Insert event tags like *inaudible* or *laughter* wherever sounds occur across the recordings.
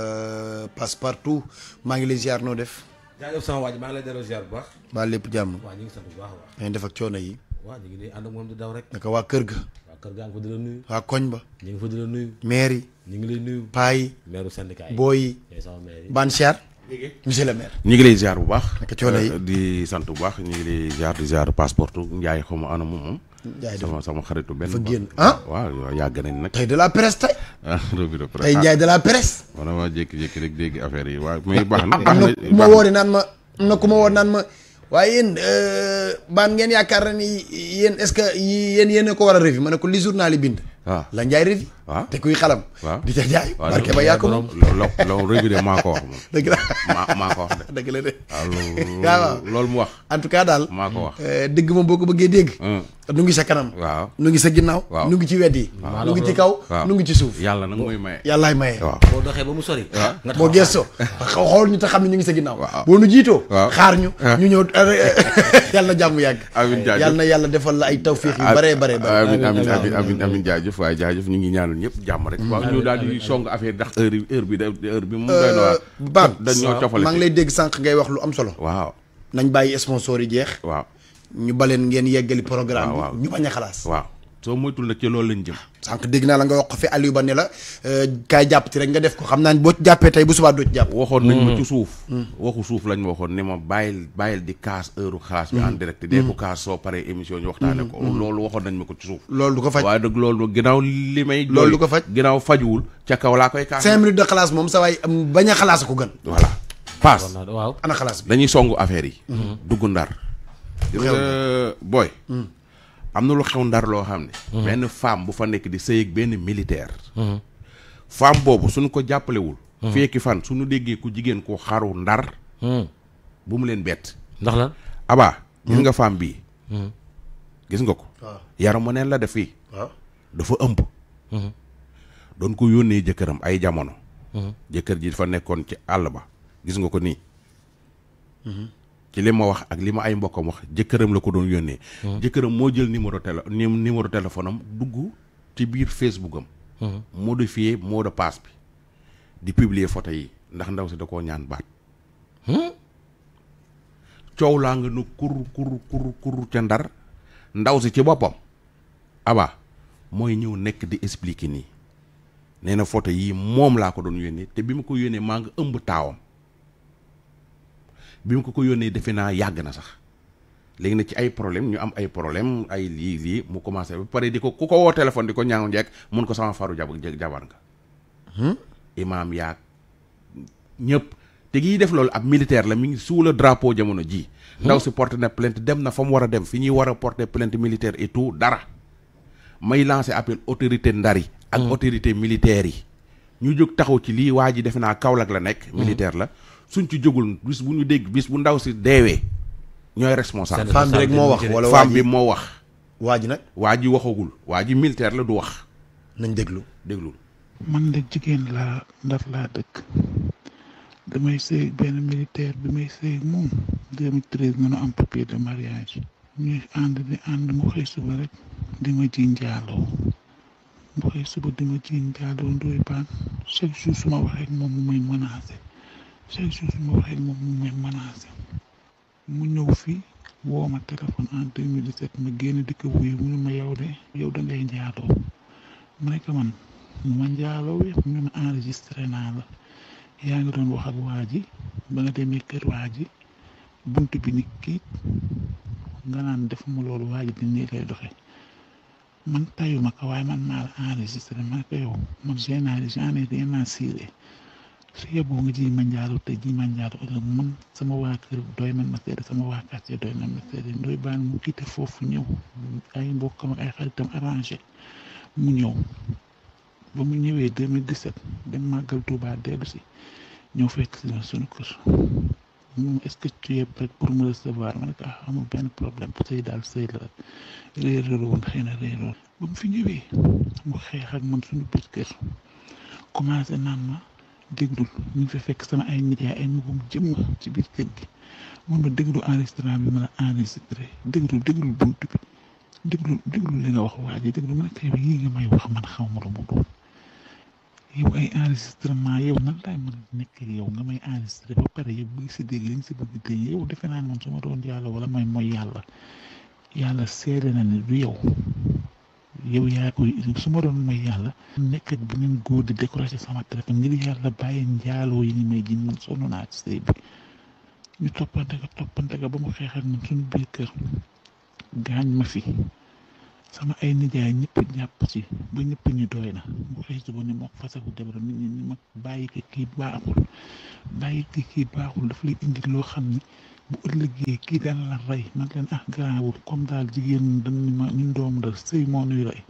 Euh, passe partout maa ngi lay ziar noo def. jaajëf sama waa ji maa ngi lay delloo ziar baa lépp jàmm. waaw ñu ngi sant bu baax coono yi. waaw ñu ngi nii ànd moom di daw rek. naka waa kër ga. waa kër ga nga fa di la nuyu. koñ ba. ñu ngi fa di la nuyu. maire ngi lay nuyu. paa yi. maire syndicat yi boo ban ziar. monsieur le maire. ngi lay ziar bu baax. naka coono yi euh, di sant bu baax ñu ngi lay ziar di ziar passeport Ndiaye xaw ma ana moom moom. Ndiaye sama sama xaritu benn. fa génn ah waaw a nañ nag. tey de la presse tey. *laughs* ah revue de presse tey Ndiaye de la presse. man ah, maa jékki-jékki rek dégg affaire yi waaw baax na. *laughs* am na ku ma woori naan ma am na ma woor naan waaye yéen euh, baan ngeen yaakaar ne ni yéen est-ce que yéen yéen ko war a revue ma ne ko li naa li bind. waaw ah. la Ndiaye revue. te kuy xalam. di ca jaay. barke ba lo loolu loolu rëy bi de maa ko wax moom. dëgg la maa maa ko wax de. dëgg la de waaw loolu mu wax. en tout cas daal maa ko wax. dëgg moom boo ko bëggee dégg. nu ngi sa kanam. waaw nu ngi sa ginnaaw. waaw nu ngi ci wet yi. nu ngi ci kaw. nu ngi ci suuf. yàlla nag mooy maye. yàllaay maye. waaw boo doxee ba mu sori. waaw boo gëstoo. xool ñu te xam ne ñu ngi sa ginnaaw. waaw boo nu jiitoo. xaar ñu. ñu ñëw eh, eh, eh. *laughs* yàlla jàmm yàgg. amiin jaajëf yàlla na yàlla defal la ay tawfiix yu bare bare bare. amin amin amin amiin jaajëf waaye jaajëf ñu ngi ñaanal yëpp jàmm rek. Mm. waaw ñu daal di song affaire ndax heure bi heure bi heure bi mu euh, doy na waar. Babs dañoo cofale maa ngi lay dégg sànq ngay wax lu am solo. waaw nañ bàyyi sponsor yi jeex. waaw ñu baleen ngeen yeggali programme bi. ñu bañ a xalaas. waaw soo moytul nag ci loolu lañ jëm. sànq dégg naa la nga wax fi Aliou ba ne la euh, kaay jàppati rek nga def ko xam naa ne boo jàppee tey bu subaa doo ci jàpp. waxoon nañ ma mm. ci suuf. Mm. waxu suuf lañ ma waxoon di kaas heure xalaas bi mm. en soo paree émission ñu waxtaane ko. loolu waxoon nañ ma ko ko faj waaye nag loolu ginnaaw li may. loolu du ko faj ginnaaw fajuwul laa koy. kaas cinq minutes sa waay bañ a xalaas ko gën. voilà paas waaw ana xalaas bi. dañuy songu affaire yi. Mm-hmm. dugg ndar. Euh, booy. am na lu xew ndar loo xam ne. Mhm. benn femme bu fa nekk di sëy ak benn militaire. Mhm. femme boobu suñu ko jàppalewul. Mhm. fekki fan suñu déggee ku jigéen ko xaru ndar. bu mu leen bett. ndax la abaa. gis nga femme bii. gis nga ko. waaw ah. yaramu neen la def fii. Ah. dafa ëmb. doon ko yónnee jëkkëram ay jamono. jëkkër ji fa nekkoon ci àll ba gis nga ko nii. ci li ma wax ak li ma ay mbokkam wax jëkkëram la ko doon yónnee. Hmm. jëkkëram moo jël numéro télé numéro téléphone dugg ci biir Facebook am. Hmm. modifier mot de passe bi di publier photo yi ndax ndaw si da koo ñaan baat. Hmm? coow laa nga nu kur kur kur kur ca ndar ndaw si ci boppam. aba mooy ñëw nekk di expliquer nii nee na photo yii moom laa ko doon yónnee te bi ma ko yónnee maa ngi ëmb taawam. bi mu ko ko yónnee defe naa yàgg na sax léegi nag ci ay problème ñu am ay problème ay lii lii mu commencé ba pare di ko ku ko woo téléphone di ko ñaaw njekk mën ko sama faru jab jabar nga hmm? imaam yaag ñëpp te gii def loolu ab militaire la mi ngi sous le jamono jii hmm? ndaw si porte na dem na fa mu war a dem fi ñuy war a porter plainte militaire et tout dara may lancer appel autorité ndari ak hmm? autorité militaire yi ñu jóg taxaw ci lii waa ji defe naa Kaolack la nekk. Mhm. militaire la suñ ci jógul bis bu ñu dégg bis bu ndaw si deewee ñooy responsable. femme bi rek moo wax wala femme moo wax. waa ji nag waa ji waxagul waa ji militaire la du wax. nañ déglu déglu. man de jigéen laa ndar laa dëkk damay sëy benn militaire bi may sëy moom 2013 nanu am papier de mariage ñuy ànd di ànd mu xëy suba rek di ma ji njaaloo bu xëy suba dama jigéen bi àndoon dooy baan chaque jour su ma waxee ak moom mu may menacé waxee moom mu may menacé mu ñëw fii woo ma téléphone en 2017 ma génn di ko wuyu mu ne ma yow de yow da ngay njaaloo ma ne ko man ma njaaloo mu ma enregistré yaa ngi doon wax waa ji ba nga demee kër waa ji bunt bi ni kiit nga naan def ma loolu waa ji di nii lay doxee. man tayuma ka waaye man maa la enregistré man ko yow man généralisé enregistré naa siire su yeboo nga ji ma njaaru te ji ma njaaru ëllëg man sama waa kër doy man ma seede sama waa quartier doy man ma seede ndoy baan mu quitté foofu ñëw ay mbokkam ak ay xaritam arrangé mu ñëw ba mu ñëwee 2017 dem màggal Touba dellu si ñëw fekk si kër est-ce que tu es prêt pour mu recevoir ma ne ko benn problème sëy daal sëy la réeréer na réeroon fi ñëwee mu xeex ak man suñu biir kër commencé naan ma déglul ñu ngi fa fekk sama ay nit ay magum jëm ci biir kër gi moom ma déglu enregistrement bi ma la enregistré déglu déglu bunt bi déglu déglu li nga wax waa ji déglu ma ne ko yii nga may wax man xaw ma lu mu doon. yow ay enregistrement yow nan laay mën a nekk yow nga may enregistré ba pare yow bëgg si dégg li nga si bëgg dégg yow defe naa moom su ma doon yàlla wala may mooy yàlla yàlla seede na ne du yow yow yaa koy su ma doon mooy yàlla nekk ak beneen góor di décourager sama téléphone ngir yàlla bàyyi njaaloo yi ni may ji man sonn naa ci bi ñu toppante ka toppante ka ba mu xeexal man suñu biir kër gaañ ma fi sama ay nijaay ñëpp jàpp ci ba ñëpp ñu doy na bu facebook ni moo fasaku jabar nit ñi ni mag bàyyi ko kii baaxul bàyyi ko kii baaxul daf lay indi loo xam ni bu ëllëgee kii daan la rey man leen ah garaawul comme daal jigéen dañ ma ñun doom da sëy moo nuy rey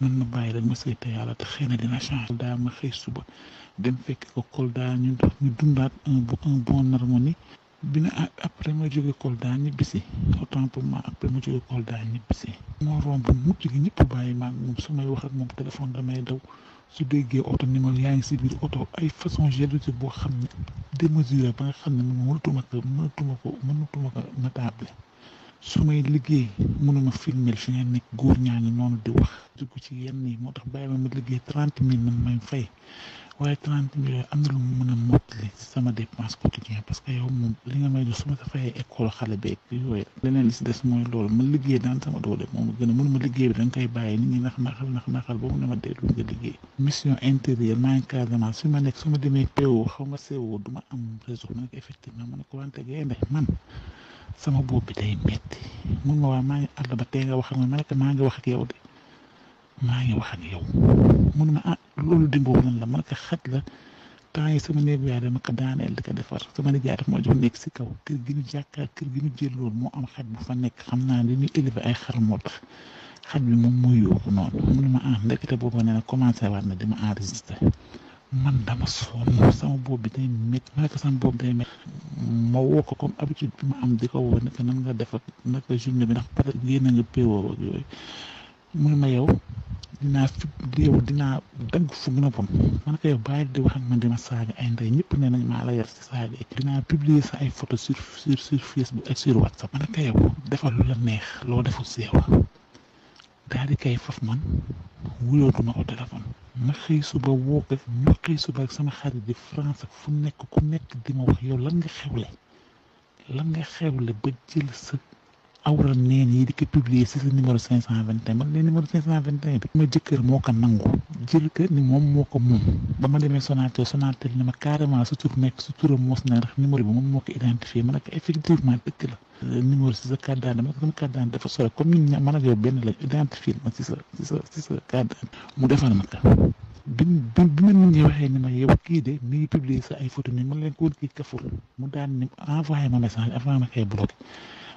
nan ma bàyyi rek ma sëy te yàlla te xëy na dina change daa ma xëy suba dem fekk ko Kolda ñu ñu dundaat un un bon harmonie bi na après ma jóge Kolda ñibbisi autant pour moi après ma jóge Kolda ñibbisi moo romb mujj gi ñëpp bàyyi maag moom su may wax ak moom téléphone damay daw su déggee oto ni ma yaa ngi si biir oto ay façon jalousie boo xam ne démesuré ba nga xam ne man mënatuma ko mënatuma ko mënatuma ko natable su may liggéey mënuma filmer fi nga nekk góor ñaa ni noonu di wax dugg ci yenn yi moo tax bàyyi ma ma liggéey trente mille na may fay waaye trente millions am na lu mu mën a mottali sama dépense parce que yow moom li nga may su ma dafay école xale beeg yooyu li si des mooy loolu ma liggéey daan sama doole moom gën mënu ma liggéey bi da nga koy bàyyi nit ñi nax naxal nax naxal boobu na ma dee lu nga liggéey mission intérieure maa ngi Casamance fi ma nekk su ma demee PO xaw ma CO du ma am réseau ma ne ko effectivement ma ne ko wante gaynde man sama boob bi day metti mun ma waa maa ngi àll ba tey nga wax ak ma ma ne ko maa ngi wax ak yow de maa ngi wax ak yow mun ma ah loolu dimboo lan la man ko la temps yi sama néeg yaay dama ko daaneel di ko defar sama nijaay daf ma jox nekk si kaw kër gi ñu jàkkaar kër gi ñu jël loolu moo am xaj bu fa nekk xam naa ne ñu élevé ay xar moo tax xaj bi moom mooy yóbbu noonu mun ma ah ndekete boobu nee na commencé waat na dima enregistré man dama sonn sama boobu bi day métti ma nekk sama boobu day ma woo ko comme habitude bi ma am di ko woo nekk nan nga defar naka journée bi ndax peut être génn nga PO ak yooyu ma yow. dinaa fi yow dinaa dagg fu gën a bon man kay bàyyi di wax ak dima saaga ay ndey ñëpp ne nañ maa la yar si saaga yi dinaa publier sa ay photo sur sur sur Facebook ak sur WhatsApp man kay yow defal lu la neex loo deful si yow daal di kay faf man wuyootuma ko téléphone ma xëy suba woo ko ñu xëy suba ak sama xarit di France fu nekk ku nekk di ma wax yow lan nga xewle lan nga xewle ba jël sa awral neen yi di ko publier ci sa numéro 521 man leen numéro 521 bi ma jëkkër moo ko nangu jël ko ni moom moo ko moom ba ma demee Sonatel Sonatel ni ma carrément sa tur nekk sa turam mos na ndax numéro bi moom moo ko identifié ma ne ko effectivement dëkk la numéro ci sa carte d'identité comme ñun man ak yow benn la identifié ma mu defal ma ko bi bi bi ma nit ñi waxee ni ma yow kii de mi ngi publier sa ay photo ni ma leen ko woon kii kaful mu daan ni envoyé ma message avant ma koy bloqué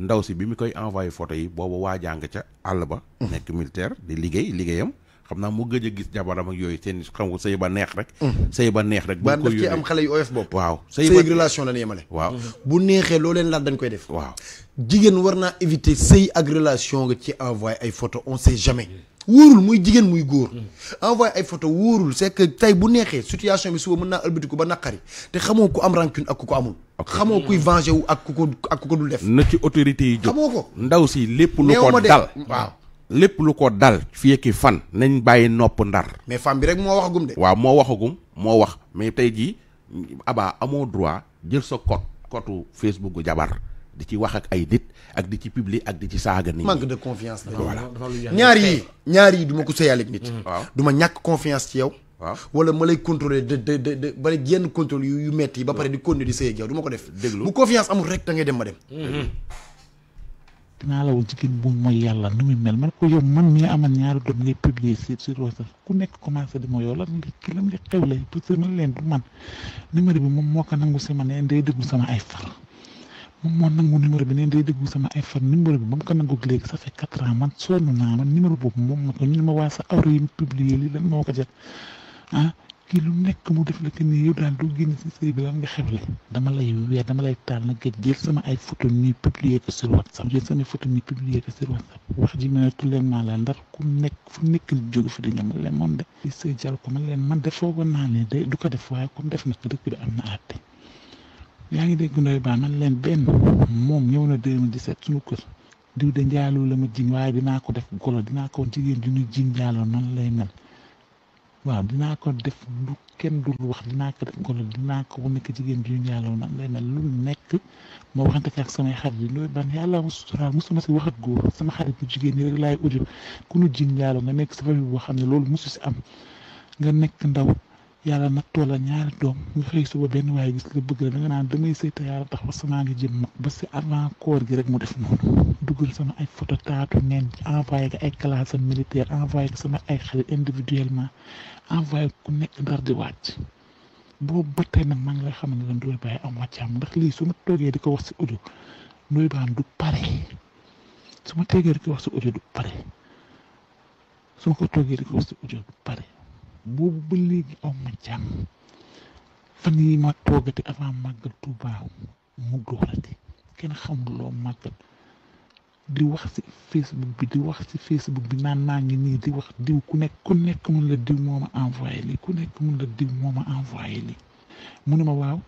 ndaw si bi mu koy envoyé photo yi boobu waa jàng ca àll ba. nekk militaire di liggéey liggéeyam. xam naa mu gëj a gis jabaram ak yooyu seen xam nga sëy ba neex rek. Mm. sëy ba neex rek. bu ñu am xale yu oyof bopp. waaw sëy ba relation la ñu yemale. waaw bu neexee loo leen laaj dañ koy def. waaw jigéen war naa éviter sëy agrelation ci envoyé ay photo on sait jamais. wóorul muy jigéen muy góor. Mm. envoyé ay photo wóorul c'est que bu neexee situation bi suba mën naa ëlbatiku ba naqari te xamoo ku am rancune ak ku ko amul. xamoo kuy venger wu ak ku ko ko dul def. na ci autorité yi jóg xamoo ko. ndaw si lépp lu ko dal waaw. lépp lu ko dal fii fan nañ bàyyi nopp ndar. mais femme bi rek moo waxagum de. waaw moo waxagum moo wax mais tey jii abaa amoo droit jël sa code code Facebook jabar. di ci wax ak ay nit ak di ci publier ak di ci saga nit manque de confiance la voilà ñaar yi ñaar yi du ko seyal ak nit mm. duma ñak confiance ci yow wala ma lay contrôler de de de de ba yenn contrôle yu metti ba paré mm. di connu di seyal yow duma ko def déglu bu confiance amul rek da ngay dem ba dem mm-hmm. dinaa la woo jigéen bu mooy yàlla nu muy mel man ko yow man mi nga amal ñaari doom ngay publier si sur WhatsApp ku nekk commencé di ma yow la nga ki lan nga xewle parce que man leen du man numéro bi moom moo ko nangu si man day déglu sama ay far moom moo nangu numéro bi ne day déglu sama ay fan numéro bi ba mu ko nangoog léegi ça fait quatre ans boobu moom ma ko sa awra lii lan moo ko jël ah, kii lu nekk mu def la que ni yow daal du génn si dama lay weer dama lay taal nag ay photo nii publié ko sur whatsapp jël sama photo nii publié ko sur whatsapp wax ji ma ku nekk fu nekk lu jóge fi di ko ma leen man de foogoon naa ne de du ko def waaye def na ko am na àtte. yaa ngi dégg Ndoye Bane man leen benn moom ñëw na 2017 suñu kër diw de njaaloo la ma jiñ waaye dinaa ko def golo dinaa ko jigéen ju ñu jiñ njaaloo noonu lay mel waaw dinaa ko def lu kenn dul wax dinaa ko def golo dinaa nekk jigéen ju ñu njaaloo noonu lay mel lu nekk ma waxante ak samay xarit yi Ndoye Bane yàlla ma suturaal mosuma si wax sama xarit bu jigéen ñi rek laay audio ku ñu jiñ njaaloo nga nekk sa famille boo xam ne loolu su si am nga nekk ndaw. yàlla nag tool la ñaari doom nga xëy suba benn waaye gis la bëgg la da nga naan damay sëy te yàlla tax parce que maa ngi jëm mag ba si avant koor gi rek mu def noonu duggal sama ay photo taatu neen envoyé ko ay classe militaire envoyé ko sama ay xarit individuellement envoyé ku nekk ndar di wàcc boobu ba tey nag maa ngi lay xam ne Ndoye Bane am wàccaam ndax lii su ma toogee di ko wax si audio Ndoye Bane du pare su ma toogee di ko wax si audio du ko toogee di ko wax si audio du pare. boobu ba léegi aw ma jàmm fan yi ma toogati avant màggal Tuuba mu doorati kenn xamul loo màggal di wax ci Facebook bi di wax ci Facebook bi naan naa ngi nii di wax diw ku nekk ku nekk mun la diw moo ma envoyé lii ku nekk lii mu ne ma waaw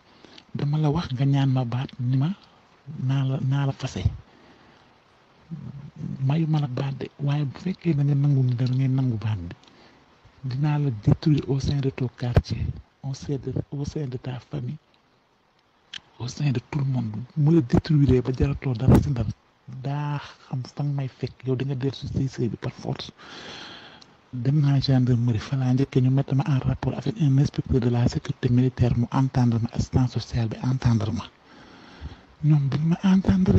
dama la wax nga ñaan ma baat ni ma naa la naa la fase mayu ma la baat de waaye bu fekkee na nga nangu ni da ngay nangu baat bi détruire au sein de ton quartier au sein de ta famille au sein de tout le monde nous la détruire xam fan may yow par force avec un inspecteur de la sécurité militaire mu entendre ma assistance sociale bi entendre ma entendre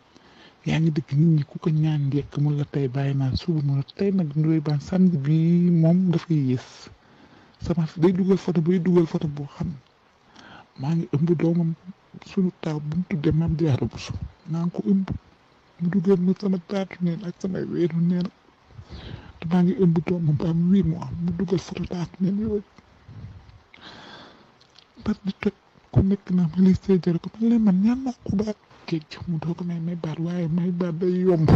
yaangi ngi nit ñi ku ko ñaan njëkk mu la tay bàyyi naa suba mu la tay nag ndoy baan samedi bi moom dafay yées sama day dugal photo bay dugal photo boo xam maa ngi ëmb doomam sunu taaw bu mu tuddee maam jaara bu su naa ngi ko ëmb mu dugal ma sama taatu neen ak sama weeru neen te maa ngi ëmb doomam ba am huit mois mu dugal photo taatu neen yooyu bat di toj ku nekk naa ma lay see jëre ko man leen man ñaan naa ko baat géej mu doo ko may may baat waaye may baat day yomb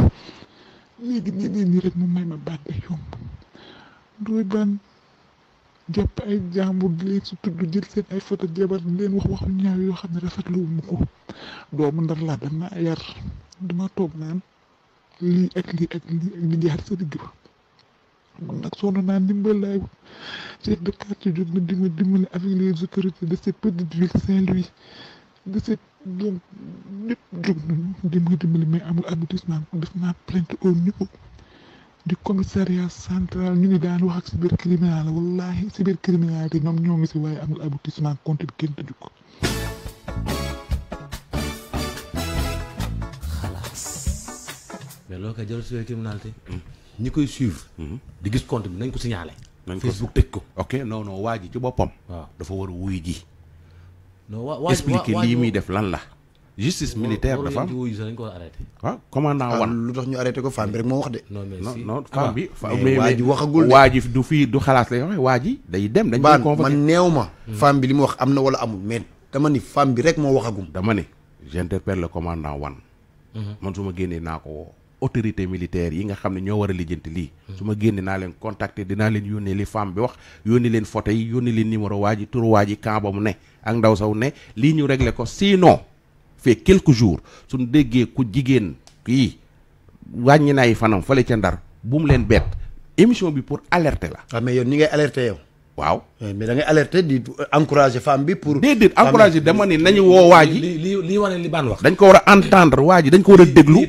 léegi ñeneen ñi rek mu may ma baat day yomb dooy ban jàpp ay jàmbur leen si tudd jël seen ay photo jabar leen wax waxu ñaaw yoo xam ne rafetlu wu mu ko doomu ndar laa dama yar dama toog naan lii ak lii ak lii ak li jaar sa digg ba kon nag sonn naa ndimbal laay chef de quartier jóg na di ma dimbali avec les autorités de ville Saint-Louis ñoom ñëpp jóg nañu jëm nga dimbali mais amul aboutissement def naa plainte au niveau du commissariat central ñu ngi daan wax ak cybercriminel wallaahi cybercriminalité ñoom ñoo ngi si waaye amul aboutissement compte bi kenn tëju ko. mais loo koy jël cybercriminalité. Hmm. ñi koy suivre. Hmm. di gis compte bi nañ ko signalé. nañ ko Facebook tëj ko. ok non non ci boppam. waaw dafa war a wuy ji. expliquer li mi def lan la justice militaire dafa am waaw ah, commandant ah, wan lu tax ñu arrêté ko fam bi rek mo wax de non non fam bi ah, waa ji waxagul waa du fi du xalaat lay waxe waa day dem dañ baan man neew ma hmm. bi limu wax amna wala amul mais dama ni fam bi rek mo waxagum dama ni j'interpelle le commandant wan hmm. man suma ma nako naa autorité militaire yi nga xam ne ñoo war a lijjanti lii hmm. su ma génne naa leen contacter dinaa leen yónnee li femme bi wax yónnee leen photo yi yónnee leen numéro waa ji turu waa ji camp ba mu ne na ay fanam fële ca ndar bu mu leen bett émission bi pour alerter la waaw ah, mais yow ni ngay alerter yow waaw eh, mais da ngay alerter di encourager femme bi pour. déedéet encourager dama ne nañu woo waa ji. li dañ ko war a entendre waa dañ ko war a déglu.